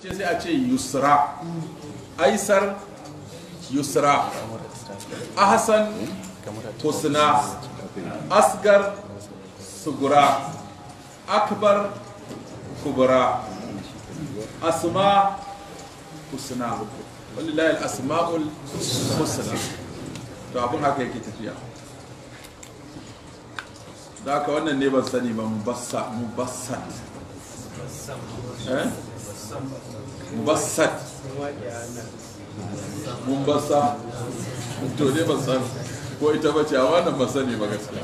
ce sai a ce yusra aisar yusra Ahasan, husna asgar sugura akbar Kubura. asma husna wallahi al-asma'ul husna to abin haka yake tafiya da ka wannan ne ban sani ba mubassat mubassat eh basat mun basa to ne ban san ko ita ba ce a wannan ban sani ba gaskiya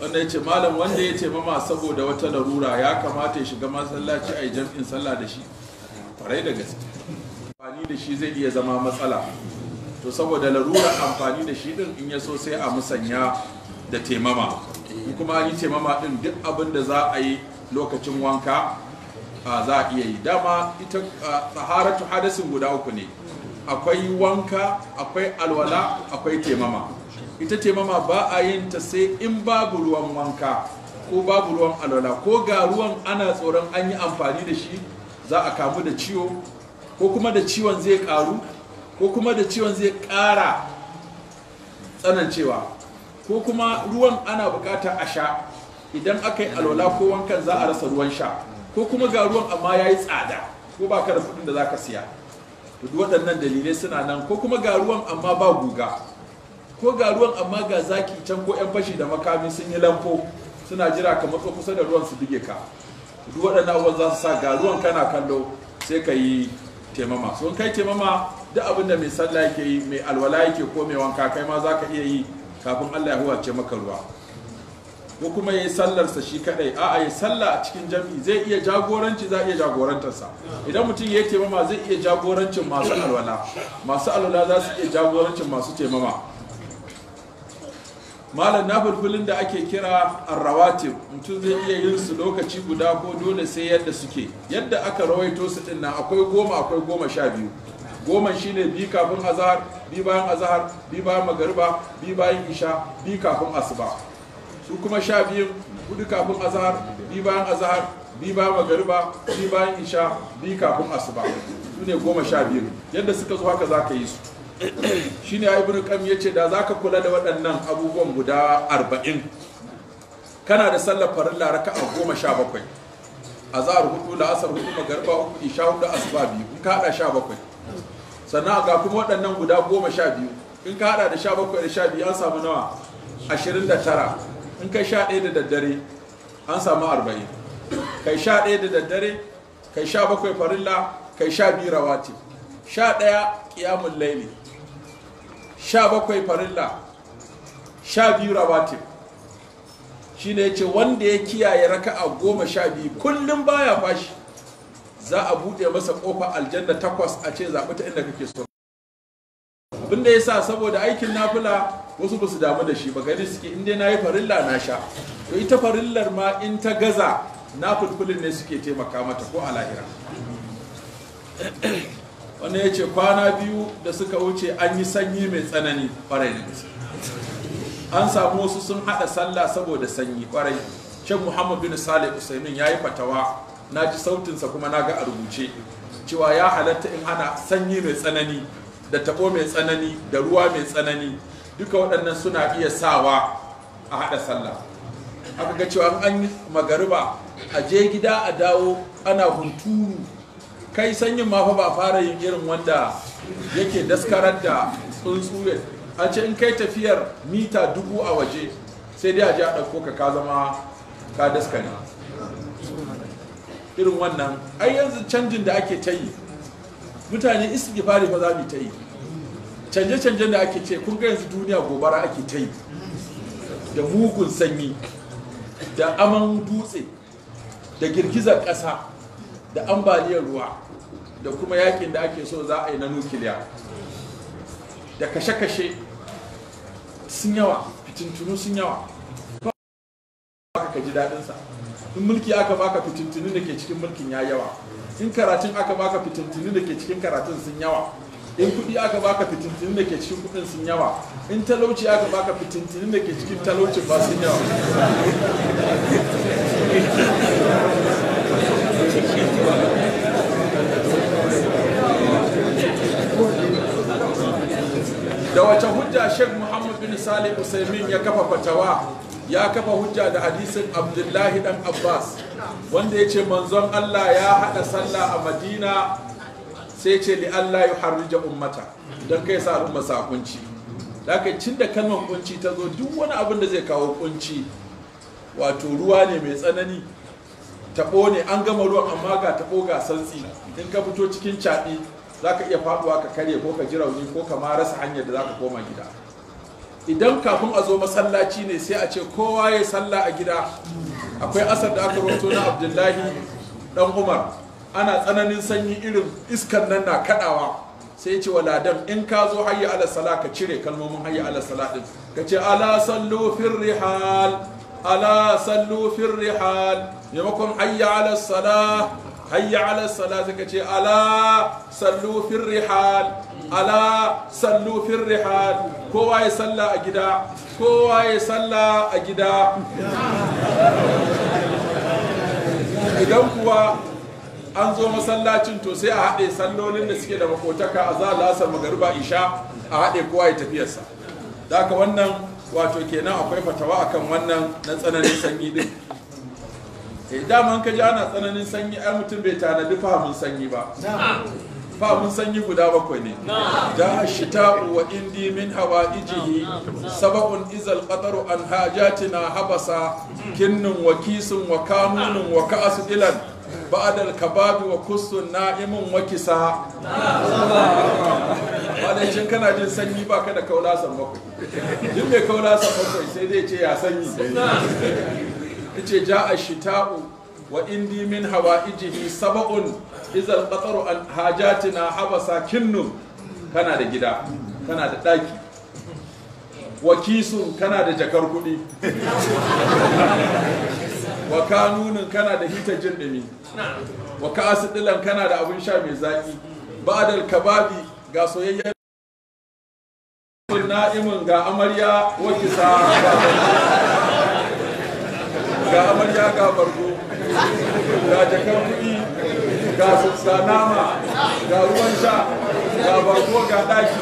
wanda ya ce malam wanda ya ce mama saboda wata larura ya kamata ya shiga masallaci a yi jam'in sallah da shi kwarai da gaske amfani da shi zai iya zama matsala to saboda larura amfani da shi din in ya so sai a musanya da temama kuma an yi temama din duk abin da za a yi lokacin wanka za a iya yi dama ita tsaharatu hadasin guda uku ne akwai wanka akwai alwala akwai temama ita temama ba a yin ta sai in babu ruwan wanka ko babu ruwan alwala ko ga ruwan ana tsoron an yi amfani da shi za a kamu da ciwo ko kuma da ciwon zai karu ko kuma da ciwon zai kara tsanancewa ko kuma ruwan ana bukata a sha idan aka yi alwala ko wankan za a rasa ruwan sha ko kuma ga ruwan amma ya yi tsada ko ba ka da kudin da za ka siya duk waɗannan dalilai suna nan ko kuma ga ruwan amma ba guga ko ga ruwan amma ga zaki can ko 'yan fashi da makami sun yi lamfo suna jira ka matso kusa da ruwan su buge ka duk waɗannan abubuwan za su sa ga ruwan kana kallo sai ka yi taimama sun kai taimama duk abin da mai sallah yake yi mai alwala yake ko mai wanka kai ma za ka iya yi kafin allah ya huwace maka ruwa ko kuma ya yi sallarsa shi kadai a'a ya sallah a cikin jam'i zai iya jagoranci za iya jagorantarsa idan mutum ya yi taimama zai iya jagorancin masu alwala masu alwala za su iya jagorancin masu taimama malam na fulfulin da ake kira arrawatib mutum zai iya yin su lokaci guda ko dole sai yadda suke yadda aka rawaito su din akwai goma akwai goma sha biyu goma shine bi kafin azahar bi bayan azahar bi bayan magariba bi bayan isha bi kafin asuba su kuma sha biyun hudu kafin azahar bi bayan azahar bi bayan magariba bi bayan isha bi kafin asuba su ne goma sha biyun yadda suka zo haka za ka yi su shi ne ibn kam ya ce da za ka kula da waɗannan abubuwan guda arba'in kana da sallar farin laraka a goma sha bakwai azahar hudu la'asar hudu magariba uku isha hudu asuba biyu in ka haɗa sha bakwai sannan ga kuma waɗannan guda goma sha biyu in ka haɗa da sha bakwai da sha biyu an samu nawa ashirin da tara in kai sha ɗaya da daddare an samu arba'in kai sha ɗaya da daddare kai sha bakwai farilla kai sha biyu rawati sha ɗaya ƙiyamun laili sha bakwai farilla sha biyu rawatib shi ne ce wanda ya kiyaye raka'a goma sha biyu kullum baya fashi za a buɗe masa ƙofa aljanna takwas a ce zaɓi ta inda kake so abinda ya sa saboda aikin nafila wasu ba su damu da shi ba gani suke in dai na yi farilla na sha to ita farillar ma in ta gaza na fulfulin ne suke taimaka mata ko a lahira wani ya ce kwana biyu da suka wuce an yi sanyi mai tsanani kwarai an samu wasu sun haɗa sallah saboda sanyi kwarai shan muhammad bin salih usaimin ya yi fatawa na ji sautinsa kuma na ga a rubuce cewa ya halatta in hana sanyi mai tsanani da taɓo mai tsanani da ruwa mai tsanani duka waɗannan suna iya sawa a haɗa sallah aka ga cewa an yi magariba a je gida a dawo ana hunturu kai sanyin ma ba fara yin irin wanda yake daskarar da tsuntsu an ce in kai tafiyar mita dubu a waje sai dai a ji a ɗauko ka ka zama ka daskare irin wannan ai yanzu canjin da ake ta yi mutane gifari fa za mu ta yi canje-canjen da ake ce kun ga yanzu duniya gobara ake ta yi da mugun sanyi da aman dutse da girgizar ƙasa da ambaliyar ruwa da kuma yakin da ake so za a yi na nukiliya da kashe-kashe sun yawa fitintunu sun yawa ka ji daɗinsa in mulki aka baka fitintunu da ke cikin mulkin ya yawa in karatun aka baka fitintunu da ke cikin karatun sun yawa in kuɗi aka baka fitintinin da ke cikin kuɗin sun yawa in talauci aka baka fitintinin da ke cikin talauci ba sun yawa da wace hujja sheikh muhammad bin salih usaimin ya kafa fatawa ya kafa hujja da hadisin abdullahi dan abbas wanda ya ce manzon allah ya hada sallah a madina sai ce li Allah ya harrija ummata don kai sa al'umma sa kunci da kai cin da kalmar kunci ta zo duk wani abin da zai kawo kunci wato ruwa ne mai tsanani tabo ne an gama ruwan amma ga tabo ga santsi in ka fito cikin caɗi za ka iya faɗuwa ka karye ko ka ji rauni ko ka ma rasa hanyar da za ka koma gida idan kafin a zo masallaci ne sai a ce kowa ya sallah a gida akwai asar da aka rawato na abdullahi dan umar ana tsananin sanyi irin iskan nan na kadawa sai ya ce wa ladan in ka zo hayya ala sala ka cire kalmomin hayya ala sala din ka ce ala sallu fir rihal ala sallu fir rihal maimakon hayya ala sala hayya ala sala sai ka ce ala sallu fir rihal ala sallu fir rihal kowa ya salla a gida kowa ya salla a gida idan kuwa an zo masallacin to sai a haɗe sallolin da suke da makotaka a za lasar magariba isha a haɗe kowa ya tafiyarsa da ka wannan wato kenan akwai fatawa akan wannan na tsananin sanyi din e eh, daman ka ji ana tsananin sanyi ai mutum bai tanadi fahimin sanyi ba fahimin sanyi guda bakwai ne da ta wa indi min hawa ijihi sababin izal qataru an na habasa kinnin wa kisun wa kamunun wa ka'asu ilan بعد الكباب وكس نائم وكسا wanda cin kana jin sanyi ba ka da kaula san bakwai jin mai kaula san bakwai sai zai ce ya sanyi ce ja a shita'u wa indi min hawa ijihi saba'un izal qataru an hajatina habasa kinnun kana da gida kana da daki wakisun kana da jakar kuɗi wa ka nunin kana da hita jin dumi wa ka asidilan kana da abin sha mai zaki ba kababi ga soyayyen na'imin ga amarya wake sa ga amarya ga bargo ga jakan kuɗi ga nama ga ruwan sha ga bargo ga ɗaki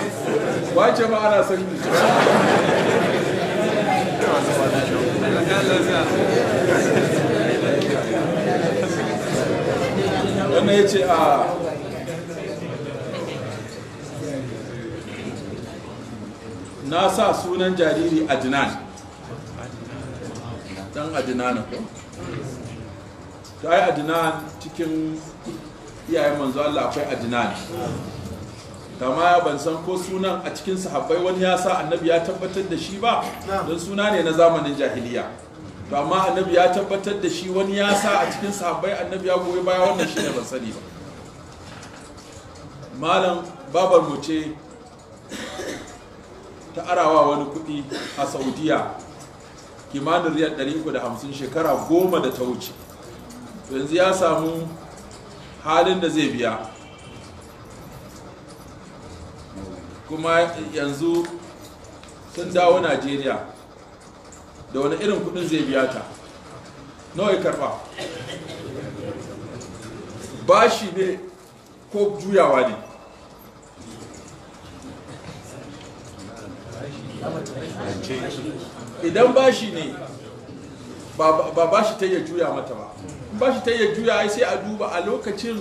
wace ma ana sanyi wannan ya ce a ah. na sa sunan jariri adnan dan adnan ko ta yi adnan cikin iyayen manzo Allah akwai adnan kama ban san ko sunan a cikin sahabbai wani ya sa annabi ya tabbatar da shi ba don suna ne na zamanin jahiliya to amma annabi ya tabbatar da shi wani ya sa a cikin sahabbai annabi ya goyi baya wannan shi ne ban sani ba malam babar mu ce ta arawa wani kuɗi a saudiya kimanin riyar 350 shekara goma da ta wuce yanzu ya samu halin da zai biya kuma yanzu sun dawo najeriya da wani irin kudin zai biya ta nawa ya karba bashi ne ko juyawa ne idan bashi ne ba bashi ta iya juya mata ba bashi ta iya juya sai a duba a lokacin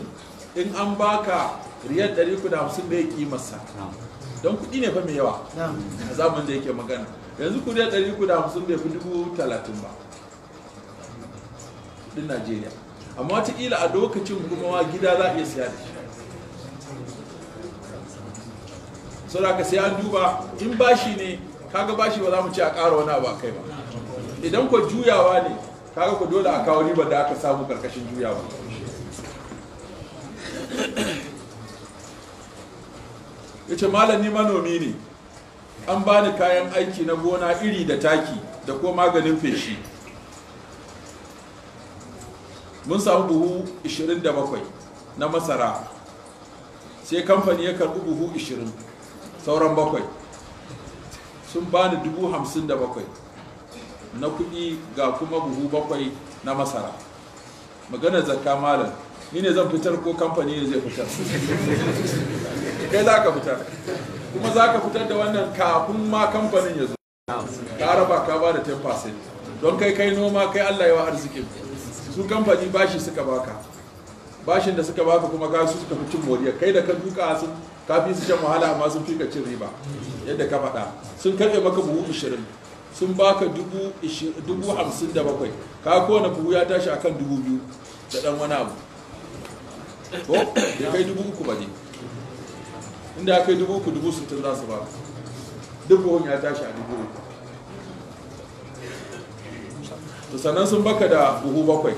in an baka riyar 350 da ya kimarsa don kuɗi ne fa mai yawa a zamanin da yake magana yanzu kudi a ɗari kuda hamsin bai fi dubu talatin ba kudin najeriya amma wataƙila a lokacin kuma gida za a iya siya da shi sau da ka siya an duba in bashi ne kaga bashi ba za mu ce a ƙara wani abu a kai ba idan ku juyawa ne kaga ku dole a kawo ribar da aka samu ƙarƙashin juyawa ya ce malami manomi ne an bani kayan aiki na gona iri da taki da ko maganin feshi mun samu buhu 27 na masara sai kamfani ya karbi buhu 20 sauran bakwai sun bani 57 na kudi ga kuma buhu bakwai na masara maganar zakka malam ni ne zan fitar ko kamfani ne zai fitar kai za ka fitar kuma za ka fitar da wannan kafin ma kamfanin ya zo ka raba ka ba da 10% don kai kai noma kai allah yawa arzikin su kamfani bashi suka baka bashin da suka baka kuma gasu suka fi cin moriya kai da ka duka sun kafi su shan wahala amma sun fi ka cin riba yadda ka faɗa sun karɓe maka buhu 20 sun baka dubu hamsin da bakwai ka kowane buhu ya tashi akan dubu biyu da ɗan wani abu ko da kai dubu uku ba ne inda aka yi dubu uku dubu sun za su ba duk buhun ya tashi a dubu uku to sannan sun baka da buhu bakwai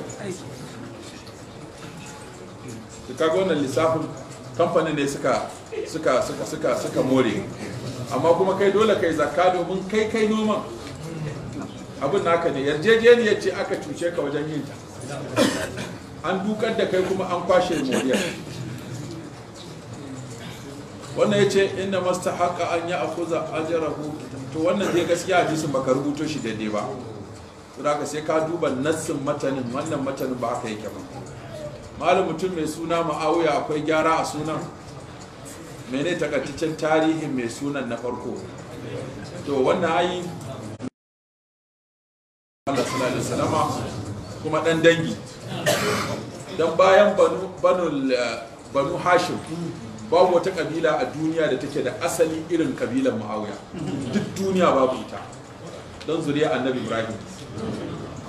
da kaga wannan lissafin kamfanin ne suka suka suka suka suka more amma kuma kai dole kai zakka domin kai kai noman abin naka ne yarjejeniyar ce aka cuce ka wajen yin ta an dukar da kai kuma an kwashe moriyar wannan ya ce inda masta haka an yi a akuza ajarahu to wannan zai gaskiya su baka rubuto shi daidai ba saboda sai ka duba nassin matanin wannan matanin ba aka yake ba malam mutum mai suna ma'awuya akwai gyara a sunan mene takaitaccen tarihin mai sunan na farko to wannan ayi Allah sallallahu alaihi wasallama kuma dan dangi dan bayan banu eh, banu hashim babu wata kabila a duniya da take da asali irin kabilan ma'auya duk duniya babu ita don zuriya annabi ibrahim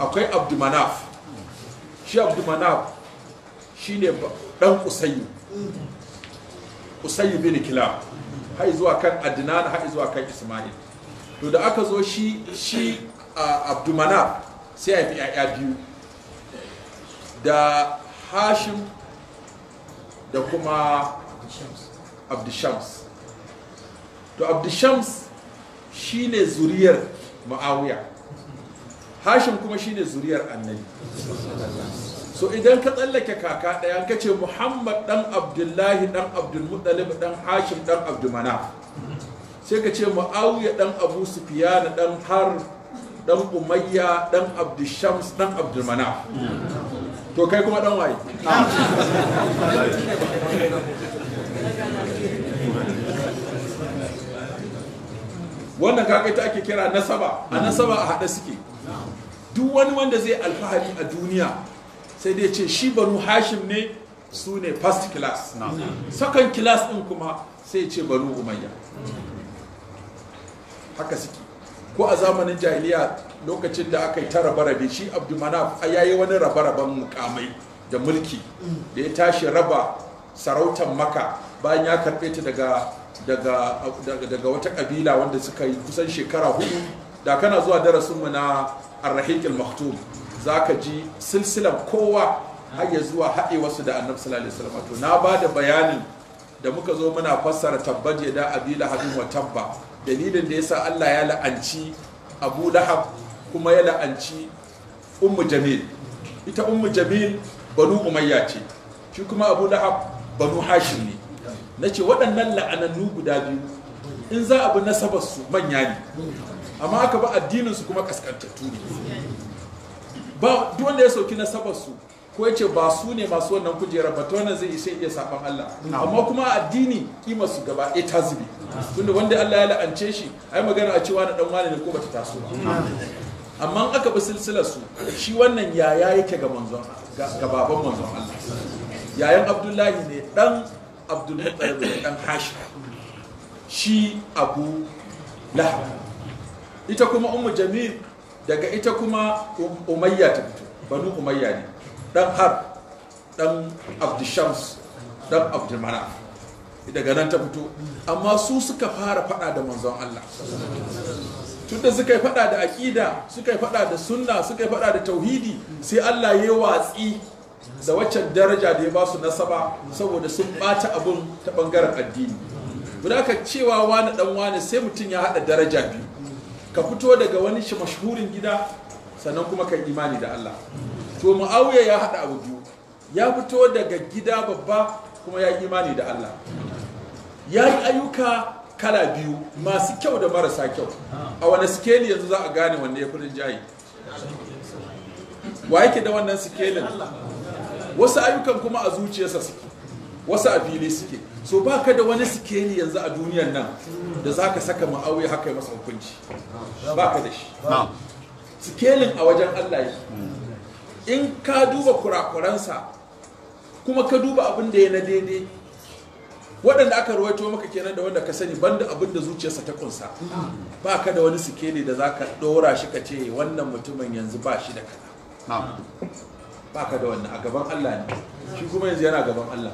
akwai abdumanaf shi abdumanaf shi ne dan usayi usayi bin kila hai zuwa kan adnan hai zuwa kan ismail to da aka zo shi shi abdumanaf sai ya fi yaya biyu da hashim da kuma abdishams to abdishams ne zuriyar ma'awiya hashim kuma shi ne zuriyar annabi so idan ka tsallake kaka ɗaya ka ce muhammad dan abdullahi dan abdulmuttalib dan hashim dan abdulmanaf sai ka ce ma'awiya dan abu sufiyana dan har dan umayya dan abdushams dan abdulmana to kai kuma dan waye wannan kaga ta ake kira nasaba a nasaba a haɗe suke duk wani wanda zai alfahari a duniya sai dai ce shi banu hashim ne su ne first class second class ɗin kuma sai ce banu umayya haka suke ko a zamanin jahiliya lokacin da aka yi ta rabe shi abdulmanaf a yayi wani rabe-raben mukamai da mulki da ya tashi raba sarautar maka bayan ya karɓe ta daga daga daga wata kabila wanda suka yi kusan shekara hudu da kana zuwa darasin mu na al maktub zaka ji silsilar kowa har ya zuwa haɗe wasu da annabi sallallahu alaihi wasallam to na ba da bayanin da muka zo muna fassara tabbaje da abila hadin wa tabba dalilin da yasa Allah ya la'anci Abu Lahab kuma ya la'anci Ummu Jamil ita Ummu Jamil banu Umayya ce shi kuma Abu Lahab banu Hashim ne na ce waɗannan la'anannu guda biyu in za a bi nasabarsu manya ne amma aka ba addininsu kuma kaskantattu ne ba duk wanda ya sauki nasabarsu ko ya ce ba su ne masu wannan kujerar ba ta wannan zai ishe iya saban Allah amma kuma addini kimar su gaba ɗaya ta zube tunda wanda Allah ya la'ance shi ai magana a cewa na dan wani ne ko bata taso ba amma aka bi silsilar su shi wannan yaya yake ga manzon ga baban manzon Allah yayan Abdullahi ne dan abdul muttalib da dan hashi shi abu lahab ita kuma ummu jamil daga ita kuma um-, umayya ta fito banu umayya ne dan har dan abdushams dan abdulmanaf daga nan ta fito amma su suka fara fada da manzon Allah tunda suka yi fada da aqida suka yi fada da sunna suka yi fada da tauhidi sai Allah ya yi watsi da waccan daraja da ya ba su nasaba saboda sun bata abun ta bangaren addini Guda ka cewa wani dan wani sai mutum ya hada daraja biyu ka fito daga wani shi mashhurin gida sannan kuma kan imani da Allah to muawiya ya hada abu biyu ya fito daga gida babba kuma ya imani da Allah ya yi ayyuka kala biyu masu kyau da marasa kyau a wani sikeli yanzu za a gane wanda ya fi rinjaye wa yake da wannan sikelin wasu ayyukan kuma a zuciyarsa suke wasu a fili suke so ba ka da wani sikeli yanzu a duniyar nan da za ka saka ma'auya haka masa hukunci ba ka da shi sikelin a wajen Allah yi in ka duba kurakuransa kuma ka duba abin da ya na daidai waɗanda aka rawaito maka kenan da wanda ka sani banda abin da zuciyarsa ta kunsa ba ka da wani sikeli da za ka ɗora shi ka ce wannan mutumin yanzu ba shi da kaza ba da wannan a gaban Allah ne shi kuma yanzu yana gaban Allah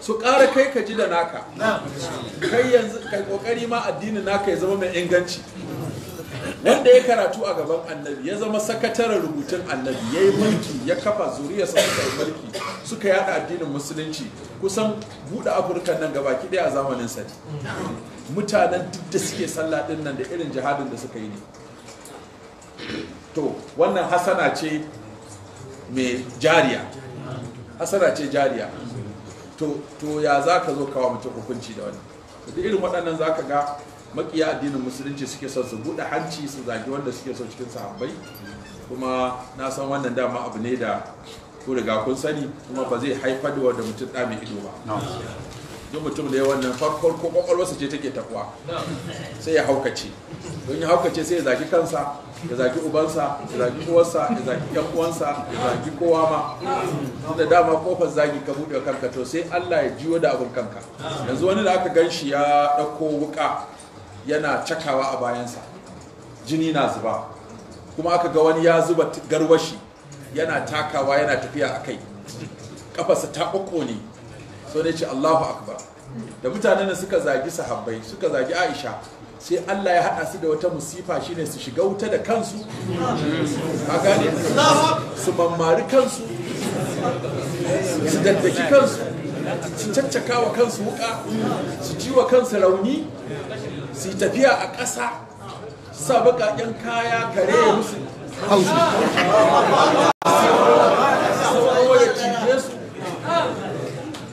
su ƙara kai ka ji da naka kai yanzu kai kokari ma addinin naka ya zama mai inganci wanda ya karatu a gaban annabi ya zama sakataren rubutun annabi ya yi mulki ya kafa sa suka yi mulki suka yada addinin musulunci kusan buɗe afirka nan gabaki ɗaya a zamanin sa mutanen duk da suke sallah ɗin nan da irin jihadin da suka yi ne to wannan hasana ce mai jariya hasara ce jariya to ya za ka zo kawo mutum hukunci da wani da irin waɗannan za ka ga makiya addinin musulunci suke son su buɗe hanci su zagi wanda suke son cikin sahabbai kuma na san wannan dama abu ne da ko kun sani kuma ba zai haifar da mutum ɗa mai ido ba duk mutum da ya wannan farkon ko kwakwalwarsa ce take takuwa sai ya haukace don ya haukace sai ya zagi kansa ya zaki ubansa ya zaki uwarsa ya zaki yan uwansa ya zaki kowa ma da dama kofar zagi ka buɗe kanka to sai Allah ya jiwo da abin kanka yanzu wani da aka gan shi ya ɗauko wuƙa yana cakawa a bayansa jini na zuba kuma aka ga wani ya zuba garwashi yana takawa yana tafiya a kai ƙafarsa ta ƙoƙo ne so ne ce Allahu akbar da mutanen da suka zagi sahabbai suka zagi Aisha sai Allah ya hada su da wata musifa shine su shiga wuta da kansu ka gane su mamari kansu su daddaki kansu su caccaka wa kansu wuka su ji wa kansu rauni su yi tafiya a ƙasa sa baƙaƙen kaya kare musu hausu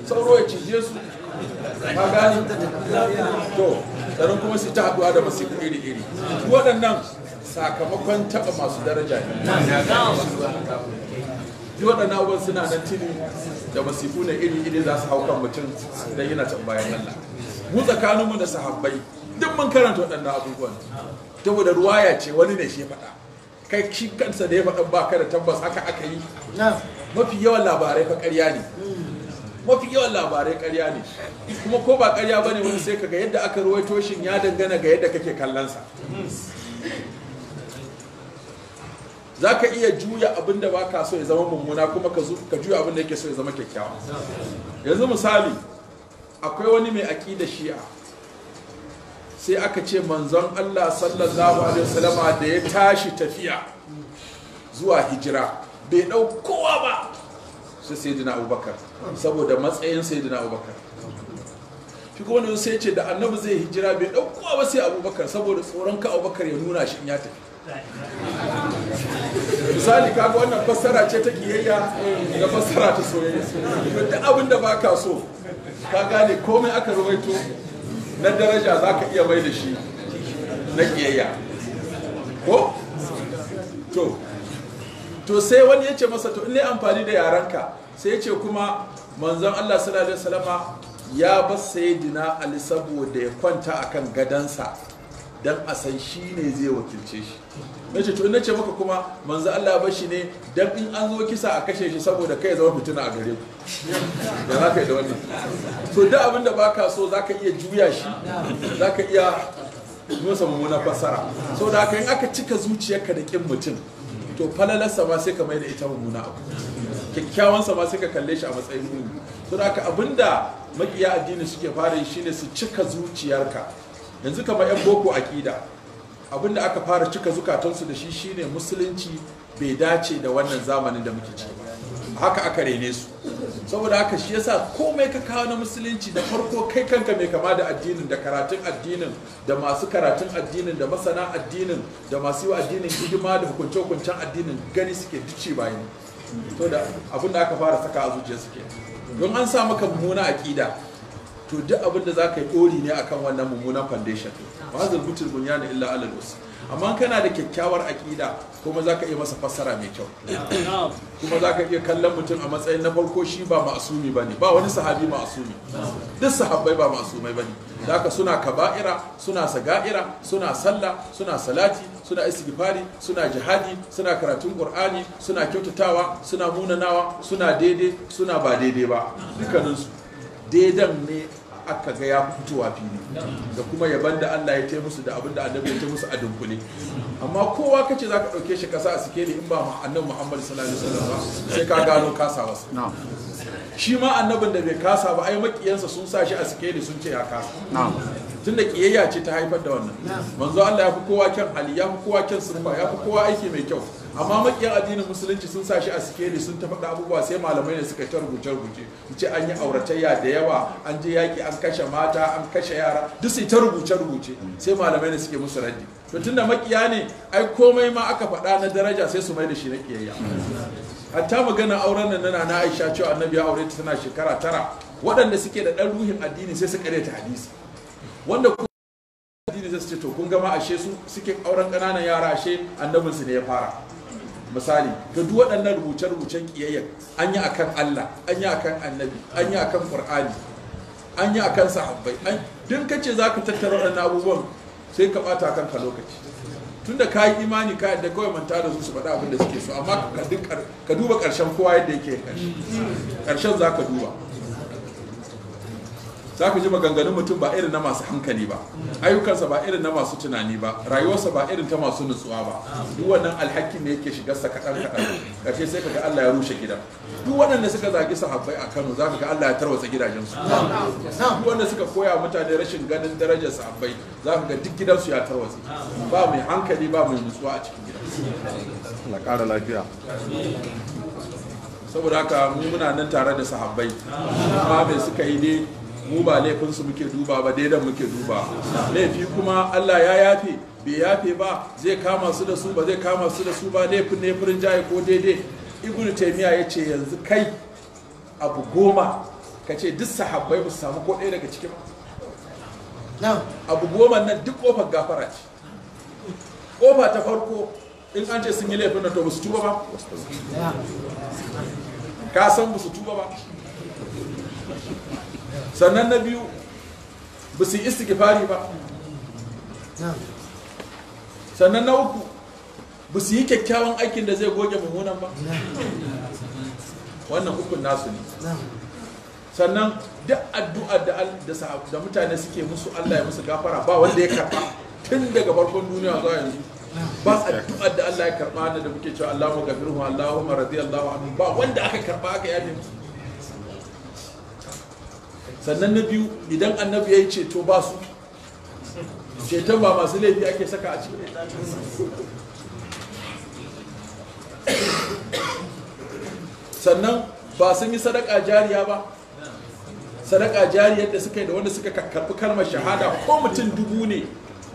sauro ya cije su ka gani to tsaron kuma su ta haduwa da masu iri iri waɗannan sakamakon taɓa masu daraja ne duk waɗannan abubuwan suna nan tuni da masifu na iri iri za su hau kan mutum idan yana tambayan Allah mu tsakaninmu da sahabbai duk mun karanta waɗannan abubuwan saboda ruwaya ce wani ne shi faɗa kai shi kansa da ya faɗa ba ka da tabbas haka aka yi mafi yawan labarai fa ƙarya ne mafi yawan labarai karya ne kuma ko ba karya ba ne wani sai kaga yadda aka ruwaito toshin ya dangana ga yadda kake kallonsa za ka iya juya abin da ba ka so ya zama mummuna kuma ka juya abin da yake so ya zama kyakkyawa yanzu misali akwai wani mai aƙida shi'a sai aka ce manzon allah sallallahu alaihi wasallama da ya tashi tafiya zuwa hijira bai ɗau kowa ba shi sayyidina abubakar saboda matsayin sayyidina abubakar shi kuma da sai ce da annabi zai hijira bai ɗauko ba sai abubakar saboda tsoron ka abubakar ya nuna shi in ya tafi misali kaga wannan fassara ce ta kiyayya da fassara ta soyayya duk abin da ba ka so ka gane komai aka rawaito na daraja za ka iya mai da shi na kiyayya ko to sai wani ya ce masa to in ne amfani da yaranka sai ce kuma manzon Allah sallallahu alaihi wasallama ya bar sayyidina Ali saboda ya kwanta akan gadansa dan a san shi ne zai wakilce shi nace to nace maka kuma manzon Allah bar shi ne dan in an zo kisa a kashe shi saboda kai zama fituna a gare ku da zaka yi da wannan to duk abin da baka so zaka iya juya shi zaka iya nusa mummuna fassara so da aka in aka cika zuciyarka da kin mutum to falalarsa ma sai ka mai da ita mummuna abu kyakkyawan sa ma ka kalle shi a matsayin muni to da haka abinda makiya addini suke fara yi shine su cika zuciyarka yanzu kamar yan boko akida abinda aka fara cika zukatansu da shi shine musulunci bai dace da wannan zamanin da muke ciki haka aka rene su saboda haka shi yasa komai ka kawo na musulunci da farko kai kanka mai kama da addinin da karatun addinin da masu karatun addinin da masana addinin da masu yi addinin hidima da hukunce-hukuncen addinin gani suke dice bayan to da abin da aka fara saka a zuciya suke don an sa maka mummuna aƙida to duk abin da za ka yi ne akan wannan mummunan foundation ba zalbutul bunyana illa alal amma kana da kyakkyawar aƙida kuma za ka iya masa fassara mai kyau kuma za ka iya kallon mutum a matsayin na farko shi ba ma'asumi ba ne ba wani sahabi ma'asumi duk sahabbai ba ma'asumai ba ne da haka suna kaba'ira suna saga'ira suna sallah suna salati suna istighfari suna jihadi suna karatun qur'ani suna kyautatawa suna munanawa suna daidai suna ba daidai ba dukkaninsu daidan ne aka ga ya fitowa fili da kuma yaban da Allah ya taimu musu da abin da annabi ya taimu musu a dunkule amma kowa kace za ka ɗauke shi kasa a sike ne in ba annabi Muhammad sallallahu alaihi wasallam sai ka gano kasa wasu shi ma annabin da bai kasa ba ai makiyansa sun sa shi a sike ne sun ce ya kasa tunda kiyayya ce ta haifar da wannan manzo Allah ya fi kowa kyan hali ya fi kowa kyan sufa ya fi kowa aiki mai kyau amma makiyan addinin musulunci sun sa shi a sikeli sun tafi abubuwa sai malamai ne suka ta rubuce rubuce ce an yi auratayya da yawa an je yaki an kashe mata an kashe yara duk sai ta rubuce rubuce sai malamai ne suke musu raddi to tunda makiya ne ai komai ma aka faɗa na daraja sai su mai da shi na kiyayya hatta magana auren nan na Aisha cewa annabi ya aure ta tana shekara tara waɗanda suke da ɗan ruhin addini sai su ta hadisi wanda kuma addini zai ce to kun gama ashe su suke auren ƙananan yara ashe su ne ya fara misali to duk waɗannan rubuce-rubucen ƙiyayyar an yi akan Allah an yi akan annabi an yi akan Qur'ani an yi akan sahabbai an din kace zaka tattara waɗannan abubuwan sai ka bata ka lokaci tunda ka yi imani ka yadda kawai manta da su su faɗa abin da suke so amma ka duba ƙarshen kowa yadda yake ƙarshen za ka duba za ku ji maganganun mutum ba irin na masu hankali ba ayyukansa ba irin na masu tunani ba rayuwarsa ba irin ta masu nutsuwa ba duk wannan alhakin ne yake shigarsa kaɗan kaɗan ƙarshe sai ka ga Allah ya rushe gidan duk waɗanda suka zagi sahabbai a Kano za ka ga Allah ya tarwatsa gidajensu duk wanda suka koya mutane rashin ganin darajar sahabbai za ka ga duk gidansu ya tarwatsa ba mai hankali ba mai nutsuwa a cikin gidan Allah ƙara lafiya saboda haka mu muna nan tare da sahabbai amma mai suka yi ne mu ba laifinsu muke duba ba daidan muke duba laifi kuma allah ya yafe bai yafe ba zai kama su da su ba zai kama su da su ba laifin ne furin jaye ko daidai ibnu taimiya ya ce yanzu kai abu goma ka ce duk sahabbai ba su samu ko ɗaya daga cikin abu goma nan duk ƙofar gafara ce ƙofa ta farko in an ce sun yi laifin na to ba su tuba ba ka san ba su tuba ba sannan na biyu ba su yi istighfari ba sannan na uku ba su yi kyakkyawan aikin da zai goge mummunan ba wannan ukun nasu ne sannan duk addu'a da mutane suke musu Allah ya musu gafara ba wanda ya karba tun daga farkon duniya zuwa yanzu ba addu'a da Allah ya karba da muke cewa Allahu gafirhu Allahumma radiyallahu anhu ba wanda aka karba aka yafe musu sannan na biyu idan annabi ya yi ceto ba su ceton ba masu laifi ake saka a cikin sannan ba sun yi sadaka jariya ba sadaka jariya da suka yi da wanda suka karfi kalmar shahada ko mutum dubu ne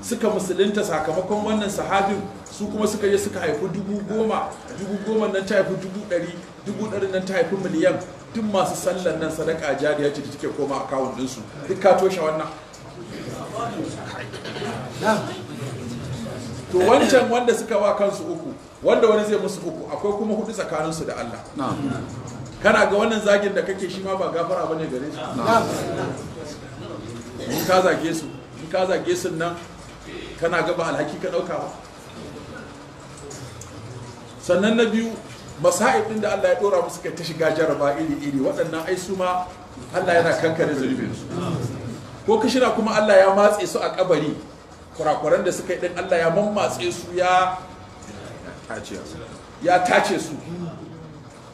suka musulunta sakamakon wannan sahabin su kuma suka yi suka haifi dubu goma dubu goma nan ta haifi dubu dari dubu dari nan ta haifi miliyan duk masu sallan nan sadaka jariya ce da take koma akawun ɗinsu duk ka toshe wannan to wancan wanda suka wa kansu uku wanda wani zai musu uku akwai kuma hudu tsakaninsu da Allah kana ga wannan zagin da kake shi ma ba gafara bane gare su in ka zage su in ka zage su nan kana ga ba alhaki ka dauka ba sannan na biyu masa'ib din da Allah ya dora musu kai ta shiga jaraba iri iri waɗannan ai su ma Allah yana kankare zurfin su ko kishina kuma Allah ya matse su a kabari kurakuran da suka yi din Allah ya mammatse su ya ya tace su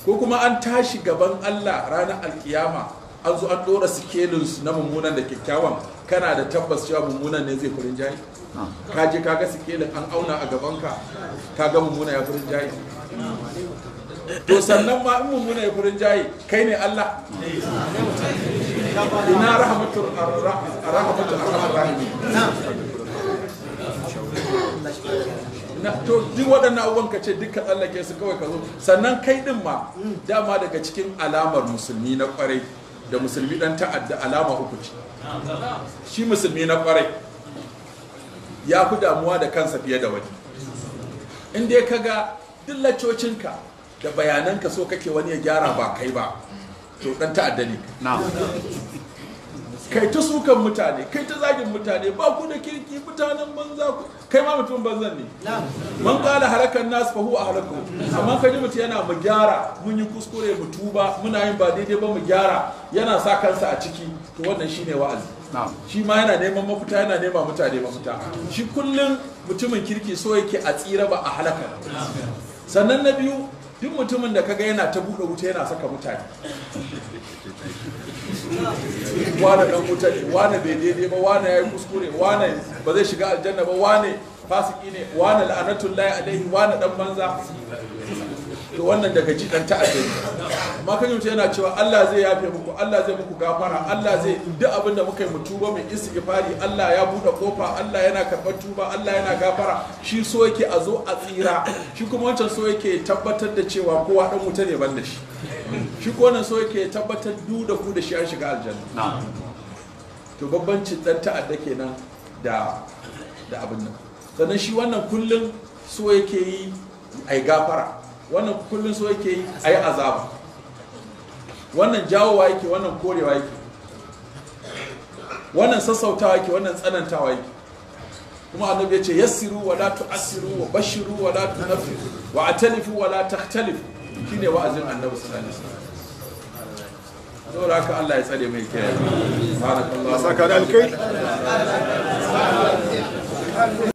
ko kuma an tashi gaban Allah ranar alkiyama an zo an dora sikelin su na mummunan da kyakkyawan kana da tabbas cewa mummunan ne zai kurin jayi ah. ka je kaga sikelin an auna a gaban ka, ka ga mummuna ya kurin jayi to sannan ma in mummuna ya furin jayi kai ne Allah ina rahmatul rahmatul arhamar na to duk waɗannan abubuwan ka ce dukkan Allah ke su kawai ka zo sannan kai din ma dama daga cikin alamar musulmi na kwarai da musulmi dan ta'adda alama uku ce shi musulmi na kwarai ya fi damuwa da kansa fiye da wani in dai ka ga dillacocinka da bayananka so kake wani ya gyara ba kai ba to dan ta'adda ne kai ta sukan mutane kai ta zagin mutane ba ku da kirki mutanen banza ku kai ma mutum banzan ne man kala harakan nas fa huwa ahlaku amma kai mutum yana mu gyara mun yi kuskure mu tuba muna yin ba daidai ba mu gyara yana sa kansa a ciki to wannan shine wa'azi shi ma yana neman mafita yana nema mutane mafita shi kullum mutumin kirki so yake a tsira ba a halaka sannan na biyu duk mutumin da kaga yana ta bude wuta yana saka mutane wane dan wuta ne wane bai daidai ba wane ya yi kuskure wane ba zai shiga aljanna ba wane fasiki ne wane la'anatullahi alaihi wane dan banza to wannan daga ji dan ta'adda amma kan mutum yana cewa Allah zai yafe muku Allah zai muku gafara Allah zai duk abin da muka yi mu tuba mu istighfari Allah ya bude kofa Allah yana karɓar tuba Allah yana gafara shi so yake a zo a tsira shi kuma wancan so yake tabbatar da cewa kowa dan wuta ne ban da shi shi ko wannan so yake tabbatar du da ku da shi an shiga aljanna to babbanci dan ta'adda kenan da da abin nan sannan shi wannan kullun so yake yi ai gafara wannan kullum so yake yi a yi azaba wannan jawowa yake wannan korewa yake wannan sassautawa yake wannan tsanantawa yake kuma annabi ya ce yassiru wa la tu'assiru wa bashiru wa la tunaffiru wa atalifu wa la takhtalifu shine wa'azin annabi sallallahu alaihi wasallam saboda haka Allah ya tsare mai kiyaye barakallahu saka da alkai